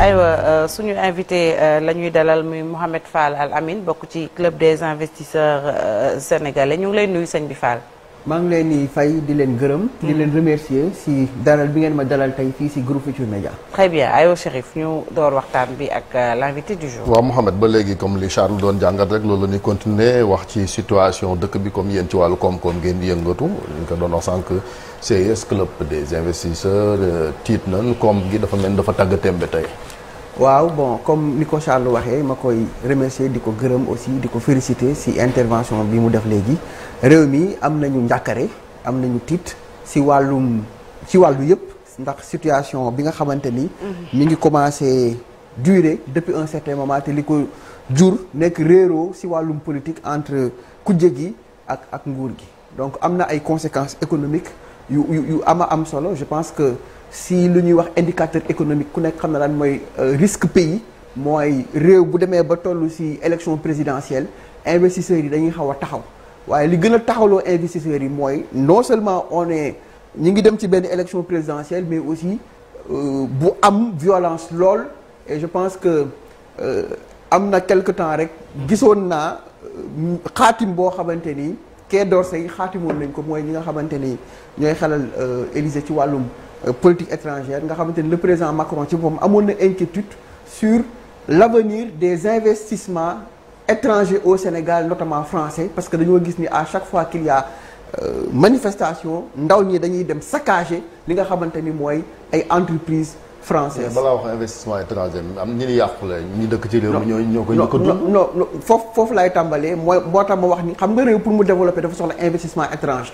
aywa euh, suñu invité euh, la ñuy dalal muy Mouhamed Fall Al Amin bokk ci club des investisseurs euh, sénégalais ñu ngi leen nuyu sëñ bi Fall. maa ngi leen di fay di leen gërëm. di leen remercier si dalal bi ngeen ma dalal tey fii si groupe Futurs Médias. très bien aywa Chérif ñu door waxtaan bi ak l' invité du jour. waaw Mouhamed ba léegi comme li Charles doon jàngat rek loolu la ñuy continuer wax ci situation dëkk bi comme yéen ci wàllu koom-koom ngeen yëngatu ñu ko doon wax sànq CES club des investisseurs tiit nañ koom gi dafa mel dafa tàggatémbe tey. waaw bon comme ni ko Charles waxee ma koy remercier di ko gërëm aussi di ko féliciter ci intervention bi mu def léegi réew mi am nañu njàkkare am nañu tiit ci wàllum ci wàllu yëpp ndax situation bi nga xamante ni. Mhm. mi ngi commencer durer depuis un certain moment te li ko jur nekk réeroo ci wàllum politique entre kujje gi ak ak nguur gi donc am na ay conséquences économique yu yu yu a am solo je pense que. si lu ñuy wax indicateur économique ku nekk xam na lan mooy euh, risque pays mooy réew bu demee ba toll si élection présidentielle investisseurs yi dañuy xaw a taxaw waaye li gën a taxawloo investisseurs yi mooy non seulement on est ñi ngi dem ci benn élection présidentielle mais aussi euh, bu am violence lool et je pense que euh, am na quelque temps rek gisoon naa xaatim boo xamante ni Quai d'Orsay xaatimoon nañ ko mooy ñi nga xamante ni ñooy xelal Élysée ci wàllum Euh, politique étrangère nga xamante ni le président Macron ci moom amoon na inquiétude sur l'avenir des investissements étrangers au Sénégal notamment français parce que dañoo gis ni à chaque fois qu'il y euh, manifestation ndaw ñi dañuy dem saccager li nga xamante ni mooy ay entreprises françaises. balaa wax investissement étranger am ñi ni yàqule ñi dëkk ci réew mi ñoo ñoo ko ñoo ko dund. foofu foofu laay tàmbalee mooy moo tax ma wax ni xam nga réew pour mu développer dafa soxla investissement étranger.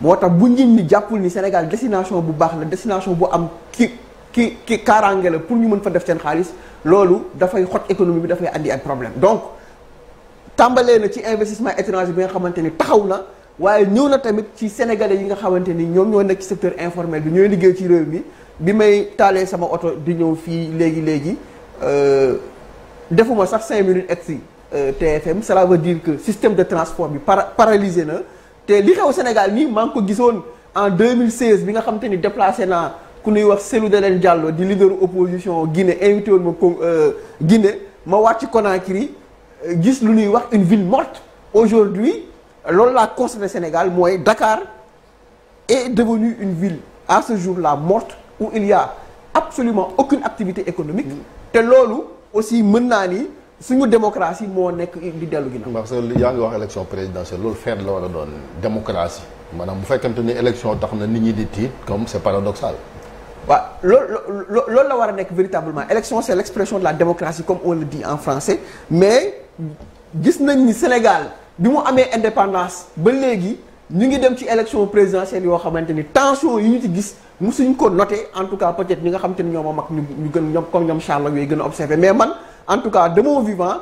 moo tax bu njiit ñi jàppul ni Sénégal destination bu baax la destination bu am ki ki ki kaaraange la pour ñu mën fa def seen xaalis loolu dafay xot économie bi dafay andi ay problème donc tàmbalee na ci investissement étranger bi nga xamante ni taxaw na waaye ñëw na tamit ci sénégalais yi nga xamante ni ñoom ñoo nekk ci secteur informel bi ñooy liggéey ci réew mi bi may taalee sama oto di ñëw fii léegi léegi euh, defuma sax cinq minutes egg si euh, TFM cela veut dire que système de transport bi para paralysé na. te li xew Sénégal nii maa ngi ko gisoon en 2016 bi nga xam te ni déplacé naa ku nuy wax Cellou Dalein Diallo di leader opposition Guinée invité woon ma ko euh, Guinée ma wàcc Conakry euh, gis lu ñuy wax une ville morte aujourd'hui loolu la constaté Sénégal mooy Dakar est devenue une ville à ce jour la morte où il y a absolument aucune activité économique mm. te loolu aussi mën naa ni suñu démocratie moo nekk di dellu ginnaaw. parce que yaa ngi wax élection présidentielle loolu feet la war a doon démocratie maanaam bu fekkente ni élection tax na nit ñi di tiit comme c'est paradoxal. waaw loolu loolu la war a nekk véritablement élection c'est l'expression de la démocratie comme on le dit en français mais gis nañ ni Sénégal bi mu amee indépendance ba léegi ñu ngi dem ci élection présidentielle yoo xamante ni tension yi ñu ci gis mosuñ ko noté nga xamante ni ñoom a mag ñu ñu gën ñoom gën a mais man. en tout cas de mon vivant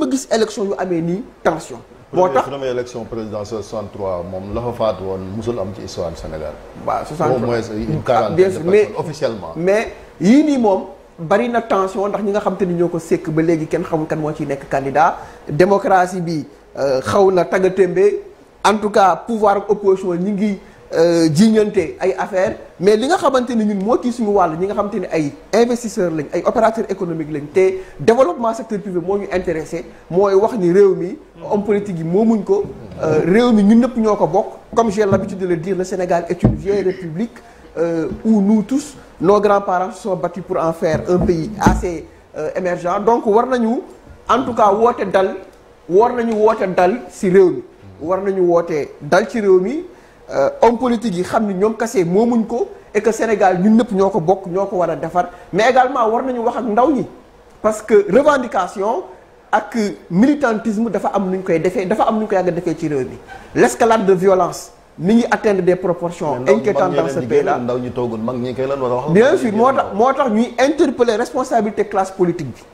ma gis élection yu amee nii tension. moo tax premier élection présidentielle 63 moom la fa faatu woon musul am ci histoire Sénégal. waaw 63 au moins une ah, officiellement. mais yii nii moom. bari na tension ndax ñi nga xam te ni ñoo ko sekk ba léegi kenn xamul kan moo ciy nekk candidat démocratie bi euh, xaw na tagga témbe en tout cas pouvoir opposition ñi ngi Euh, jiiñante ay affaire mais li nga xamante ni ñun moo kii suñu wàll ñi nga xamante ni ay investisseurs lañ ay opérateurs économique lañ te développement secteur privé moo ñu intéressé mooy wax ni réew mi homme politique yi muñ ko euh, réew mi ñun ñëpp ñoo ko bokk comme j'ai l'habitude de le dire le Sénégal est une vieille république euh, où nous tous nos grands-parents se sont pour en faire un pays assez euh, émergent donc war nañu en tout cas woote dal war nañu woote si réew mi war nañu woote dal ci réew mi Euh, homme politique yi xam ni ñoom kese moomuñ ko et que Sénégal ñun ñëpp ñoo ko bokk ñoo ko war a defar mais également war nañu wax ak ndaw ñi parce que revendication ak militantisme dafa am nu ñu koy defee dafa am nu ñu koy yàgg defee ci réew mi l'escalade de violence mi ngi atteindre des proportions inquiétantes dans ce pays là ndaw ñi toogul mag ñi koy lan war a bien sûr moo tax moo tax ñuy interpeller responsabilité classe politique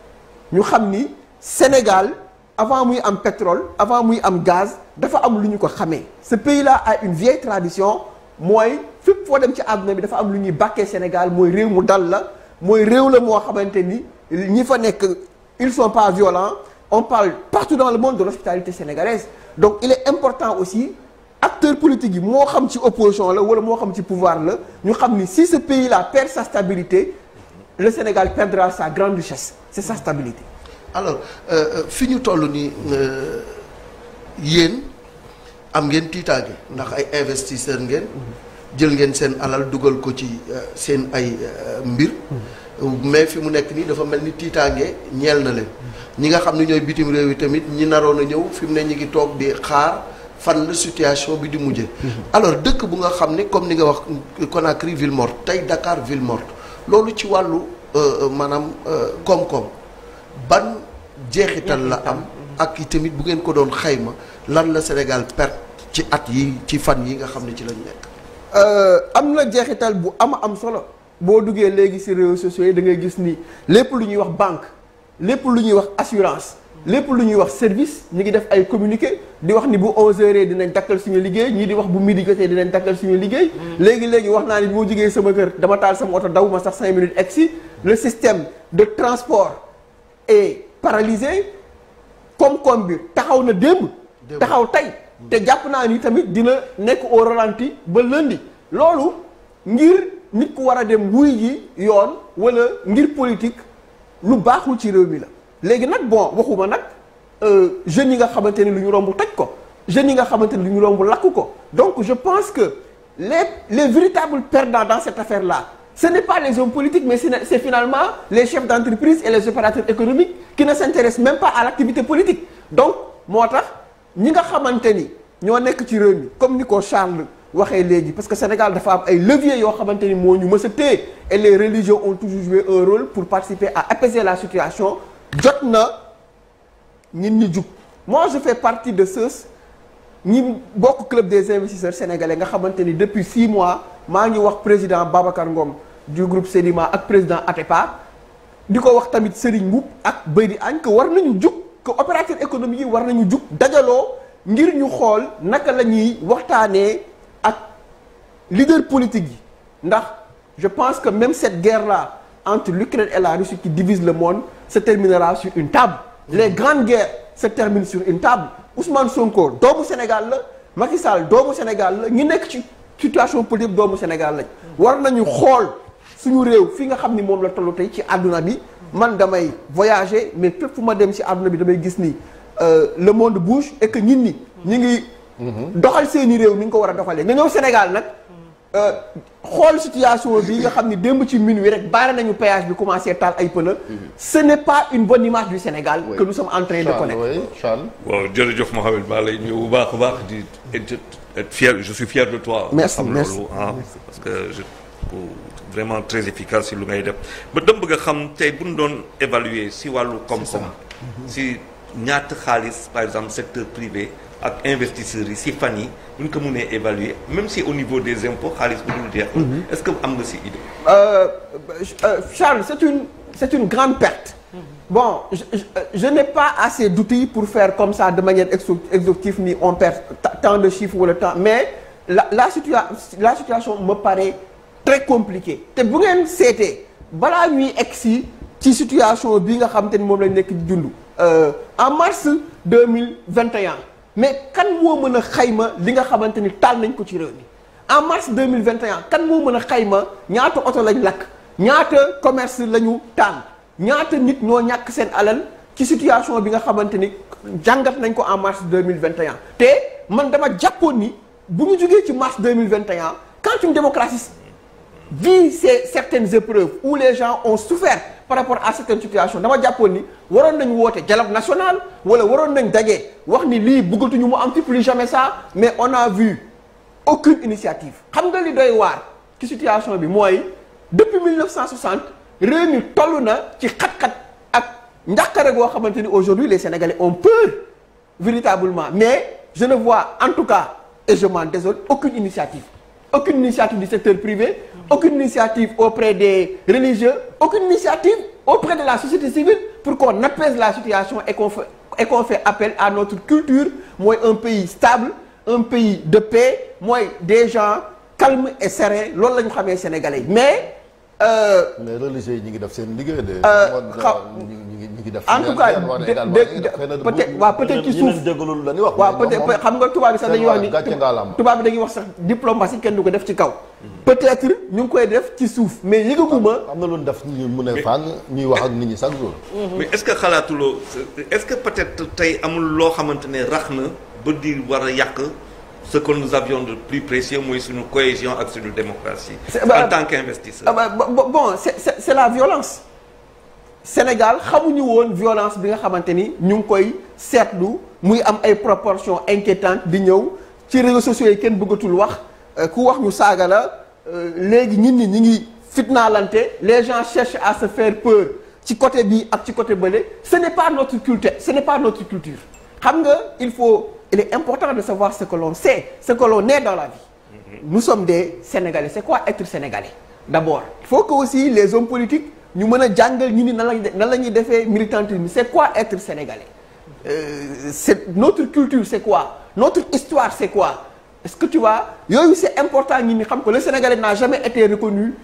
bi ñu xam ni Sénégal avant muy am pétrole avant muy am gaz dafa am lu ñu ko xamee ce pays là a une vieille tradition mooy fépp foo dem ci àdduna bi dafa am lu ñuy bàkkee Sénégal mooy réew mu dal la mooy réew la moo xamante ni ñi fa nekk il sont pas violents on parle partout dans le monde de l'hospitalité sénégalaise donc il est important aussi acteurs politiques yi moo xam ci opposition la wala moo xam ci pouvoir la ñu xam ni si ce pays là perd sa stabilité le Sénégal perdra sa grande richesse c'est sa alors euh, euh, fi ñu toll nii euh, yéen am ngeen tiitaange ndax ay investisseur ngeen. jël ngeen seen alal dugal ko ci seen ay mbir. mais fi mu nekk nii dafa mel ni tiitaange ñeel na leen. ñi nga xam ne ñooy bitim réew yi tamit ñi naroon a ñëw fi mu ne ñi ngi toog bi xaar fan la situation bi di mujje alors dëkk bu nga xam ne comme ni nga wax Conakry ville morte tey dakaar ville loolu ci wàllu maanaam koom-koom ban. jeexital la am ak i tamit bu ngeen ko doon xayma lan la Sénégal perte ci at yi ci fan yi nga xam ne ci lañ nekk. Euh, am na jeexital bu ama am solo boo duggee léegi si réseaux sociaux yi da gis ni lépp lu ñuy wax banque lépp lu ñuy wax assurance. lépp lu ñuy wax service ñu ngi def ay communiqué di wax ni bu 11h dinañ takkal suñu liggéey ñii di wax bu midi jotee dinañ takkal suñu liggéey. Mm. léegi léegi wax naa ni moo jógee sama kër dama taal sama oto daw ma sax 5 minutes egg si. le système de transport paralysé koom-koom bi taxaw na démb. taxaw tey te jàpp naa nii tamit dina nekk au ralenti ba lundi loolu ngir nit ku war a dem wuy ji yoon wala ngir politique lu baaxul ci réew mi la. léegi nag bon waxuma nag euh, jeunes yi nga xamante ne lu ñu romb toj ko jeunes yi nga xamante ne lu ñu romb lakk ko donc je pense que les les véritables perdants dans cette affaire laa ce n'est pas les hommes politiques mais c'est finalement les chefs d'entreprise et les opérateurs économiques qui ne s'intéressent même pas à l'activité politique donc moo tax ñi nga xamante ni ñoo nekk ci réew mi comme ni ko Charles waxee léegi parce que Sénégal dafa am ay leviers yoo xamante ni moo ñu mës a et les religions ont toujours joué un rôle pour participer à apaiser la situation jot na ñin ñi jug mois je fais partie de ceux ñi bokk club des investisseurs sénégalais nga xamante ni depuis six mois maa ngi wax président Babacar Ngom du group Sedima ak président Atepa di ko wax tamit Serigne Mboup ak Beydi Agne que war nañu jug que opérateur économique yi war nañu jug dajaloo ngir ñu xool naka la ñuy waxtaanee ak leader politique yi ndax je pense que même cette guerre là entre l'Ukraine et la Russie qui divise le monde se terminera sur une table les grandes guerres se terminent sur une table Ousmane Sonko doomu Sénégal la Macky Sall doomu Sénégal la ñu nekk ci situation politique doomu Sénégal war nañu xool suñu réew fi nga xam ni moom la tollu tey ci àdduna bi man damay voyager mais fépp fu ma dem ci àdduna bi damay gis ni euh, le monde bouge et que nit ñi ñi ngi doxal seeni réew ni nga ko war a doxalee nga ñëw Sénégal nag euh, xool situation bi nga xam ni démb ci minuit rek baare nañu péage bi commencé taal ay pneu ce n'est pas une bonne image du Sénégal que nous sommes en train de connaître waaw jërëjëf Mohamed maa lay nuyu baax a baax di être de toi merci merci ah, parce que je vraiment très efficace si lu ngay def ba dem bëgg a xam tey bu ñu doon évaluer si wàllu koom-koom si ñaata xaalis par exemple secteur privé ak investisseurs yi si fan yi bu ñu ko mënee évaluer même si au niveau des impôts xaalis bu dul jeex mhm. est-ce que am nga si idée euh, euh, Charles c'est une c'est une grande perte mhm. bon je, je, je n'ai pas assez d'outils pour faire comme ça de manière exhaustive ni on perd tant de chiffres le temps mais la la, situa la situation me paraît très compliqué te bu ngeen seetee balaa ñuy egsi ci situation bi nga xam te moom lañ nekk di dund euh, en mars deux mille vingt et mais kan moo mën a xayma li nga xamante ni taal nañ ko ci réew mi en mars deux mille vingt kan moo mën a xayma ñaata oto lañ lakk ñaata commerce la ñu taal ñaata nit ñoo ñàkk seen alal ci situation bi nga xamante ni jàngat nañ ko en mars deux mille vingt et te man dama jàppoon ni bu ñu jógee ci mars deux mille vingt et un quand vu ces certaines épreuves où les gens ont souffert par rapport à certaines situations dama jàppoon ni waroon nañ woote dialogue national wala waroon nañ daje wax ni lii buggatuñu mu am ci plus jamais ça mais on a vu aucune initiative xam nga li doy waar ci situation bi mooy depuis 1960 réew mi toll na ci xat-xat ak njàqare goo xamante ni aujourd'hui les Sénégalais ont peur véritablement mais je ne vois en tout cas et je m'en désole aucune initiative aucune initiative du secteur privé aucune initiative auprès des religieux aucune initiative auprès de la société civile pour qu'on apaise la situation et qu'on fait appel à notre culture mooy un pays stable un pays de paix mooy des gens calmes et sereins loolu la ñu xamee sénégalais mais. Euh, mais religieux yi ñu ngi def seen liggéey de. Euh, en tout cas peut-être waaw peut-être ci suuf waaw peut xam nga tubaab bi sax dañuy kenn du ko def ci kaw peut ñu ngi koy def ci suuf mais yëgaguma am na lu ñu def ñu mu ne fànn ñuy wax ak nit ñi chaque jour mhm. est-ce que xalaatuloo est que peut tey amul loo xamante ne rax na ba di war a yàq ce que de plus précieux mooy suñu cohésion ak suñu démocratie c'est ah la violence Sénégal xamuñu woon violence bi nga xamante ni ñu ngi koy seetlu muy am ay proportions inquiétantes di ñëw ci réseaux sociaux yi kenn buggatul wax euh, ku wax ñu saaga la euh, léegi ñit ñi ñi ngi fitnaalante les gens à se faire peur ci côté bi ak ci côté bële ce n'est pas notre culture ce n'est pas notre culture xam nga il faut il est important de savoir ce que l'on sait ce que l'on est dans la vie mm-hmm. nous sommes des Sénégalais c'est quoi être Sénégalais d'abord il ñu mën a jàngal ñu ni na lañ nan la ñuy defee militantisme c'est quoi être sénégalais euh, c'est notre culture c'est quoi notre histoire c'est quoi est-ce que tu vois yooyu c'est important ñi ni xam ko le sénégalais n'a jamais été reconnu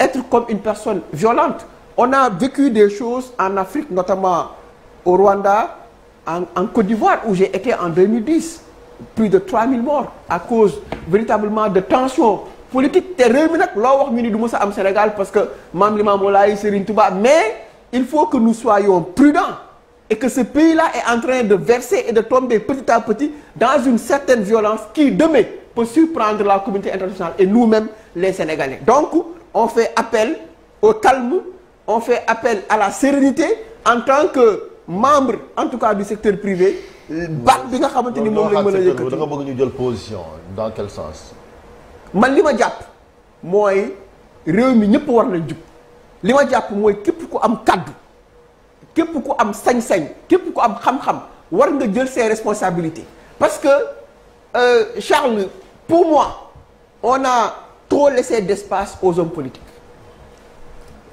être comme une personne violente on a vécu des choses en Afrique notamment au Rwanda en en Côte d'Ivoire où j'ai été en 2010 plus de 3000 morts à cause véritablement de tensions politique te mi nag loo wax ñu ni du mës a am Sénégal parce que maam li maam Laay Serigne Touba mais il faut que nous soyons prudents et que ce pays-là est en train de verser et de tomber petit à petit dans une certaine violence qui demain peut surprendre la communauté internationale et nous-mêmes les Sénégalais donc on fait appel au calme on fait appel à la sérénité en tant que membre en tout cas du secteur privé baat bi nga xamante ni moom lañ mën a yëkkati da ñu jël position dans quel man li ma jàpp mooy réew mi ñëpp war nañ jub li ma jàpp mooy képp ku am kàddu képp ku am sañ-sañ képp ku am xam-xam war nga jël see responsabilité parce que euh, Charles pour moi on a trop laissé d'espace aux hommes politiques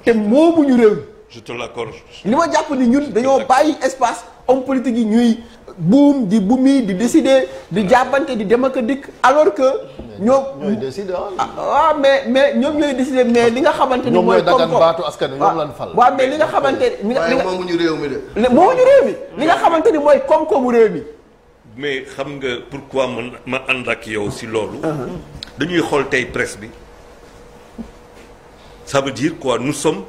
te moomuñu réew mi je te li ma jàpp ni ñun dañoo bàyyi espace homme politique yi ñuy buum di bumi di décider di jàppante di dem ak dikk alors que ñoom ñooy décider waaw ah. ah, ah, mais mais ñoom ñooy décider mais li nga xamante ni mooy dagan baatu askan wi ñoom lan fal waaw mais li nga xamante ni moomuñu réew mi de moomuñu réew xamante ni mooy koom-koomu réew mi mais xam nga pourquoi man ma ànd ak yow si loolu uh-huh. dañuy xool tey presse bi ça veut dire quoi nous sommes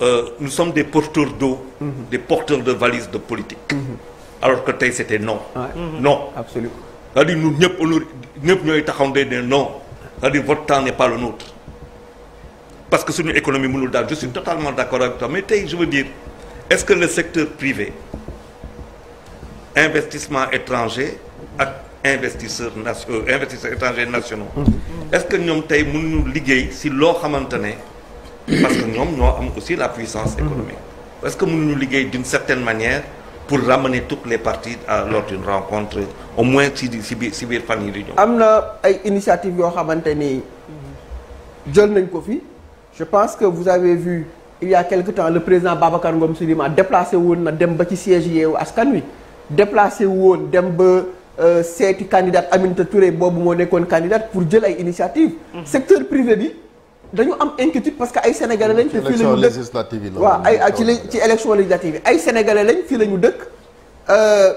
euh, nous des porteurs d'eau uh-huh. des porteurs de valise de politique mm alors que tey c'était non non c'est-à-dire ñun ñëpp ñëpp ñooy taxaw day ne no c'est-à-dire votre temps n'est pas le nôtre parce que suñu économie mënul daal je suis totalement d'accord avec toi mais tey je veux dire est-ce que le secteur privé investissement étranger ak investisseurs nationaux euh, investisseurs étrangers nationaux. Mmh. est-ce que ñoom tey mënuñu liggéey si loo xamante ne. parce que ñoom ñoo am aussi la puissance mmh. économique. est-ce que mënuñu liggéey d'une certaine manière. pour ramener toutes les parties à lors d'une rencontre au moins si si biir si biir fan yi di am na ay initiative yoo xamante ni jël nañ ko fi je pense que vous avez vu il y quelque temps le président Babacar Ngom Souleymane déplacé woon na dem ba ci siège yeewu askan wi déplacé woon dem ba. Euh, seeti candidate Aminata Touré boobu moo nekkoon candidate pour jël ay initiative mhm. secteur privé bi dañu am inquiétude parce que ay sénégalais lañ. te fii la ñu dëkk waaw ay ci la ci élection législative yi ay sénégalais lañ fii ñu dëkk euh,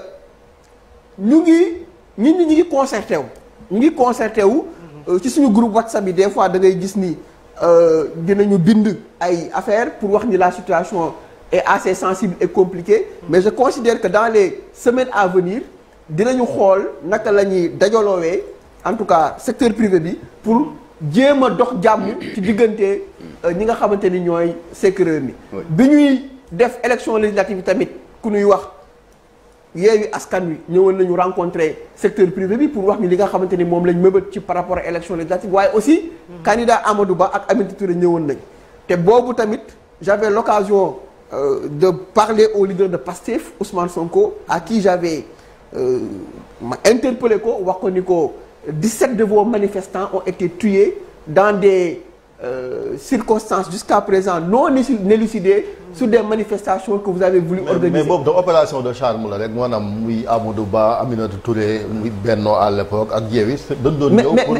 ñu ngi nit ñu ngi concerté wu. ñu ngi concerté wu euh, ci suñu groupe WhatsApp yi des fois da ngay gis ni euh, ñu bind ay affaires pour wax ni la situation est assez sensible et compliquée. mais je considère que dans les semaines à venir dinañu xool naka la ñuy dajaloowee en tout cas secteur privé bi pour. jéem a dox jàmm ci mm. diggante euh, ñi nga xamante ni ñooy sécureur mi bi ñuy def élection législative tamit ku ñuy wax yeewi askan wi ñëwoon nañu rencontrer secteur privé bi pour wax ni li nga xamante ni moom lañ mëbët ci par rapport à élection législative waaye aussi mm. candidat Amadou Ba ak Aminata Touré ñëwoon nañ te boobu tamit j'avais l'occasion euh, de parler au leader de PASTEF Ousmane Sonko à qui j'avais euh, ma interpellé ko wax ko ni ko 17 de vos manifestants ont été tués dans des euh, circonstances jusqu'à présent non élucidées sur des manifestations que vous avez voulu mais, organiser. mais boobu da de charme la rek maanaam muy Amadou Ba Aminata Touré muy Benno à l'époque ak Yewwi dañ doon ñëw pour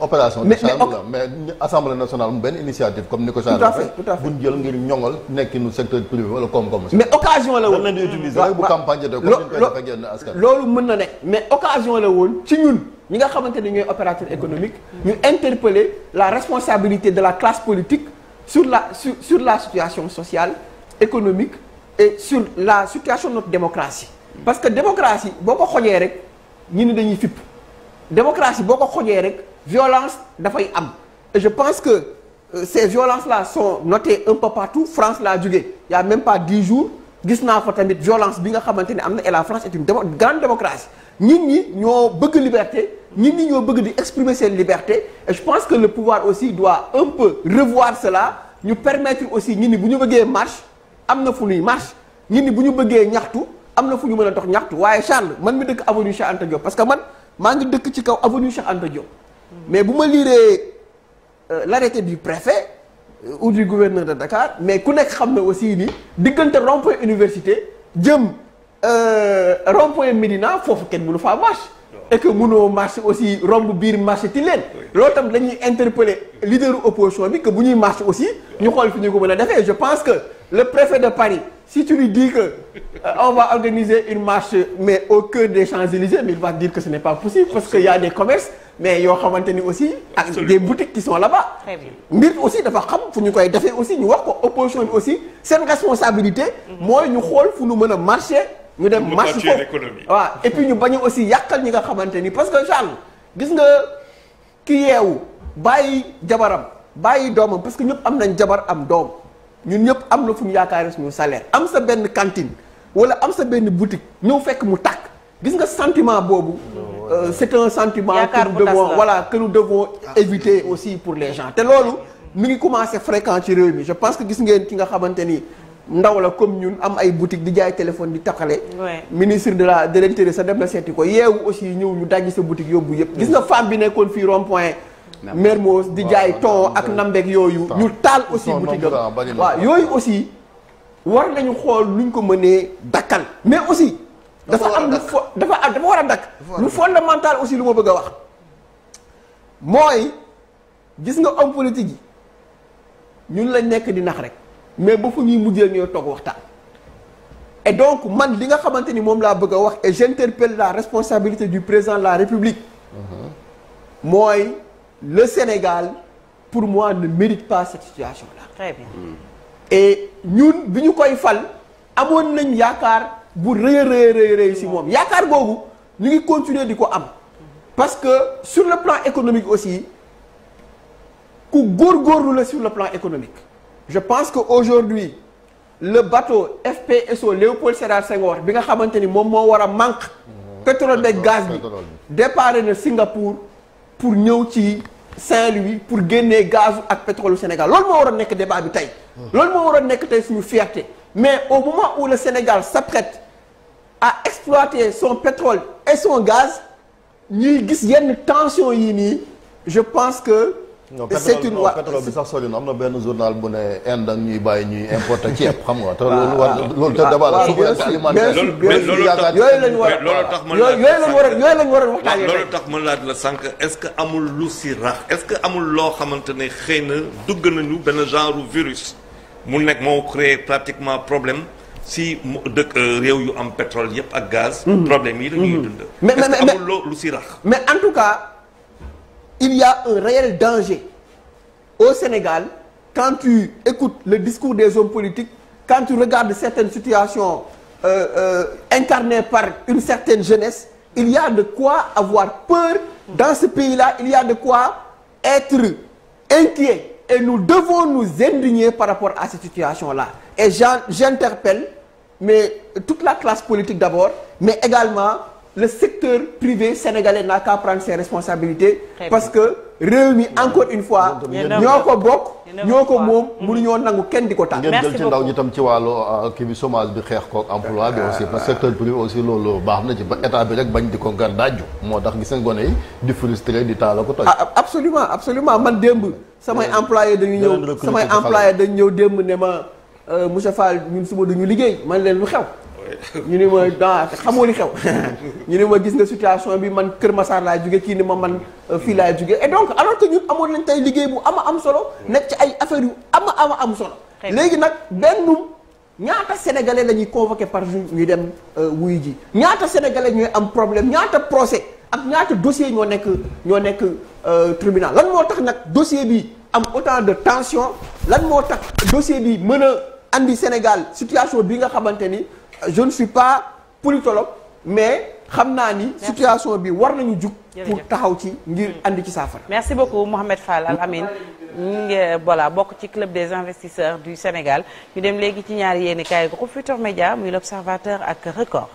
opération de change la mais assemblée nationale mu benn initiative comme ni ko. tout à fait tout à fait bu ñu jël ngir ñoŋal nekkinu secteur privé wala koom-koom. mais occasion la woon loolu mën na ne mais occasion la woon ci ñun ñi nga xamante ne ñooy opérateur économique. ñu interpeller la responsabilité de la classe politique sur la sur sur la situation sociale économique et sur la situation de notre démocratie. parce que démocratie boo ko xoñee rek ñu ni dañuy fipp démocratie boo ko xojee rek violence dafay am je pense que euh, ces violences la son notées un peu partout France laa jóge yaa même pas dix jours gis naa fa tamit violence bi nga xamante ne am na et la France est une grande démocratie nit ñi ñoo bëgg liberté nit ñi ñoo bëgg di exprimer seen liberté je pense que le pouvoir aussi doit un peu revoir cela ñu permettre aussi nit ñi bu ñu bëggee marche am na fu ñuy marche nit ñi bu ñu bëggee ñaxtu am na fu ñu mën a dox ñaxtu waaye Charles man mi dëkk parce que man maa ngi dëkk ci kaw avenue Cheikh Anta Diop mais bu ma liiree euh, l'arrêté du préfet euh, ou du gouverneur de Dakar mais ku nekk xam ne aussi ni diggante rond université jëm euh, rond-point Médina foofu kenn mënu faa marche et que mënoo marche aussi romb biir marché Tilène loolu tam dañuy interpeller leader opposition bi que bu ñuy marche aussi ñu xool fi ñu ko mën a defee je pense que le préfet de Paris si tu lui euh, on va organiser une marche mais au que des Champs-Élysées mais il va dire que ce n'est pas possible parce qu'il y a des mais yoo xamante ni aussi ak ah, des boutiques qui sont là-bas mbir aussi dafa xam fu ñu koy defee aussi ñu wax ko opposition bi aussi seen responsabilité mooy ñu xool fu ñu mën a marché ñu dem marché foofu waa et puis ñu bañ aussi yàqal ñi nga xamante ni parce que Charles gis nga kii yeewu bàyyi jabaram bàyyi doomam parce que ñëpp am nañ jabar am doom ñun ñëpp am na fu ñu yaakaare suñu salaire am sa benn cantine wala am sa benn boutique ñëw fekk mu tàkk gis nga santiment boobu euh, c'est un sentiment que nous devons voilà que nous devons éviter aussi pour les gens te loolu mi ngi commencé fréquent ci réew mi je pense que gis ngeen ki nga xamante ni ndaw la comme ñun am ay boutique di jaay téléphone di taxale ministre de la de l'intérieur sa dem na seeti ko yeewu aussi ñëw ñu dajji sa boutique yóbbu yëpp gis nga femme bi nekkoon fi rond point Mermoz di jaay ton ak nambeeg yooyu ñu taal aussi boutique am waaw yooyu aussi war nañu xool luñ ko mënee dakkal mais aussi dafa am lu fo dafa am dafa war a dakk lu fondamental aussi lu ma bëgg a wax mooy gis nga homme politique yi ñun lañ nekk di nax rek mais ba fu ñuy mujjee ñooy toog waxtaan et donc man li nga xamante ni moom laa bëgg a wax et j'interpelle la responsabilité du président la république mm-hmm. mooy le Sénégal pour moi ne mérite pas cette situation-là. Mm. et ñun bi ñu koy fal amoon nañ yaakaar bu rëy rëy rëy rëy moom mm. yaakaar googu ñu ngi continuer di ko am. parce que sur le plan économique aussi ku góorgóorlu la sur le plan économique. je pense que aujourd'hui le bateau FPSO Léopold Sédar Senghor bi nga xamante ni moom moo war a manque mm. pétrole beeg gaz bi départ na Singapour. pour ñëw ci Saint-Louis pour génnee gaz ak pétrole Sénégal loolu moo war a nekk débat bi tey. loolu moo war a nekk tey suñu fierté mais au moment où le Sénégal s'apprête à exploiter son pétrole et son gaz ñuy gis yenn tension yi nii je pense que. c'est une wa pétrole bi sax sori na am na benn journal bu ne Inde ak ñuy bàyyi ñuy importer ceeb xam nga te loolu war ah, ah. loolu te ah, débat la souveraineté alimentaire loolu tax yooyu lañ war a yooyu lañ war a yooyu lañ war a waxtaanee loolu tax ma laaj la sànq est-ce que amul lu si rax est-ce que amul loo xamante ne xëy na dugg nañu benn genre virus mu nekk moo créé pratiquement problème si dëkk euh, réew yu am pétrole yëpp ak gaz mhm. problème yi dañuy mhm. dund mais mais mais amul loo lu si rax mais en tout cas il y a un réel danger au Sénégal quand tu écoutes le discours des hommes politiques quand tu regardes certaines situations euh, euh, incarnées par une certaine jeunesse il y a de quoi avoir peur dans ce pays-là il y a de quoi être inquiet et nous devons nous indigner par rapport à cette situation-là et j'interpelle mais toute la classe politique d'abord mais également le secteur privé sénégalais n'a qu'à prendre ses responsabilités parce que réew mi encore une fois ñoo ko bokk ñoo ko moom mm-hmm. mënuñoo nangu kenn di ko tànn ngeen jël ci ndaw ñi tam ci wàllu euh, kii bi chômage bi xeex ko emploi bi aussi parce que secteur privé aussi loolu baax na ci ba état bi rek bañ di ko gar daaju moo tax gis nga gone yi di frustré di taala ko toj ah, ah, absolument absolument man démb samay employé dañu ñëw samay employé dañu ñëw démb ne ma euh, monsieur Fall ñun suba duñu liggéey man leen lu xew ñu ni ma daa xamoo li xew ñu ni ma gis nga situation bi man Kër Massar laa jóge kii ni ma man euh, fii laa jóge et donc alors que ñun amoon nañ tey liggéey bu ama am solo nekk ci ay affaires yu ama ama am solo léegi nag bennum ñaata sénégalais la ñuy convoqué par jour ñuy dem euh, wuyu ji ñaata sénégalais ñooy am problème ñaata procès ak ñaata dossier ñoo nekk ñoo nekk euh, tribinal lan moo tax nag dossier bi am autant de tension lan moo tax dossier bi mën a indi Sénégal situation bi nga xamante je ne suis pas politologue mais xam naa ni situation bi war nañu jug pour taxaw ci ngir indi mm. ci saafara merci beaucoup Mouhamed Fall Al Amin ñu euh, bokk ci club des investisseurs du Sénégal ñu dem léegi ci ñaar yéeni kaay groupe Futurs Médias muy l'Observateur ak Record